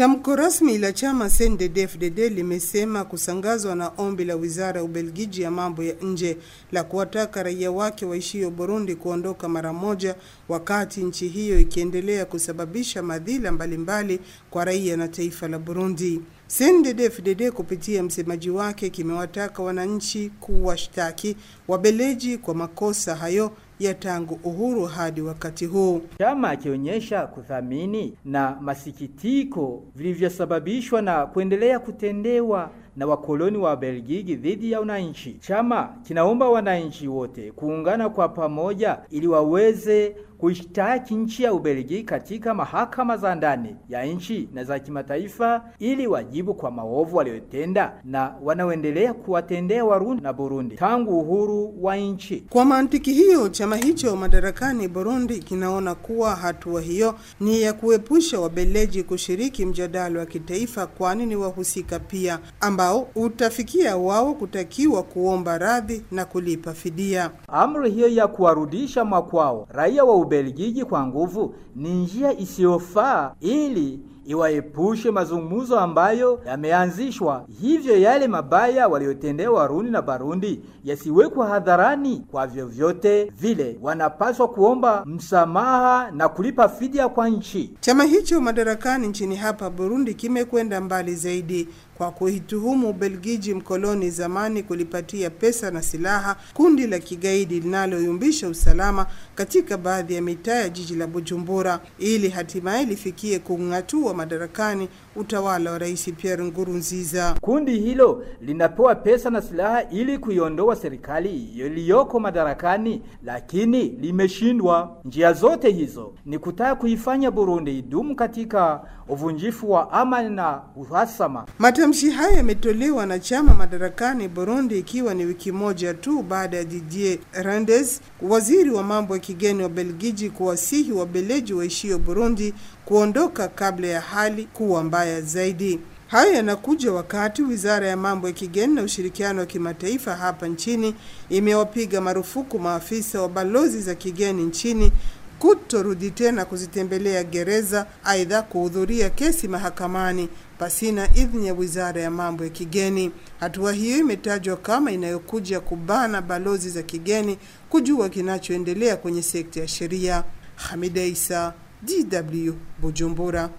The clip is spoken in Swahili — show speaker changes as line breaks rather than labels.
Tamko rasmi la chama CNDD-FDD limesema kusangazwa na ombi la wizara ya Ubelgiji ya mambo ya nje la kuwataka raia wake waishio Burundi kuondoka mara moja, wakati nchi hiyo ikiendelea kusababisha madhila mbalimbali mbali kwa raia na taifa la Burundi. CNDD-FDD kupitia msemaji wake kimewataka wananchi kuwashtaki Wabeleji kwa makosa hayo ya tangu uhuru
hadi wakati huu. Chama akionyesha kuthamini na masikitiko vilivyosababishwa na kuendelea kutendewa na wakoloni wa belgigi dhidi ya wananchi. Chama kinaomba wananchi wote kuungana kwa pamoja ili waweze kuishtaki nchi ya Ubelgiji katika mahakama za ndani ya nchi na za kimataifa ili wajibu kwa maovu waliyotenda na wanaoendelea kuwatendea
Warundi na Burundi tangu uhuru wa nchi. Kwa mantiki hiyo, chama hicho madarakani Burundi kinaona kuwa hatua hiyo ni ya kuepusha Wabeleji kushiriki mjadala wa kitaifa, kwani ni wahusika pia ambao utafikia wao kutakiwa kuomba radhi na kulipa fidia. Amri hiyo ya kuwarudisha makwao
raia wa Ubelgiji kwa nguvu ni njia isiyofaa ili iwaepushe mazungumzo ambayo yameanzishwa, hivyo yale mabaya waliyotendewa Warundi na Barundi yasiwekwa hadharani kwa vyovyote vile. Wanapaswa
kuomba msamaha na kulipa fidia kwa nchi. Chama hicho madarakani nchini hapa Burundi kimekwenda mbali zaidi kwa kuituhumu Ubelgiji mkoloni zamani kulipatia pesa na silaha kundi la kigaidi linaloyumbisha usalama katika baadhi ya mitaa ya jiji la Bujumbura ili hatimaye lifikie kung'atua madarakani utawala wa Rais Pierre ngurunziza Kundi hilo linapewa pesa na silaha
ili kuiondoa serikali iliyoko madarakani, lakini limeshindwa. Njia zote hizo ni kutaka kuifanya Burundi idumu katika uvunjifu
wa amani na
uhasama.
Matamshi haya yametolewa na chama madarakani Burundi, ikiwa ni wiki moja tu baada ya Didier Randes, waziri wa mambo ya kigeni wa Belgiji, kuwasihi wabeleji waishio Burundi kuondoka kabla ya hali kuwa mbaya zaidi. Hayo yanakuja wakati wizara ya mambo ya kigeni na ushirikiano wa kimataifa hapa nchini imewapiga marufuku maafisa wa balozi za kigeni nchini kutorudi tena kuzitembelea gereza, aidha kuhudhuria kesi mahakamani pasina idhini ya wizara ya mambo ya kigeni. Hatua hiyo imetajwa kama inayokuja kubana balozi za kigeni kujua kinachoendelea kwenye sekta ya sheria. Hamida Isa, DW Bujumbura.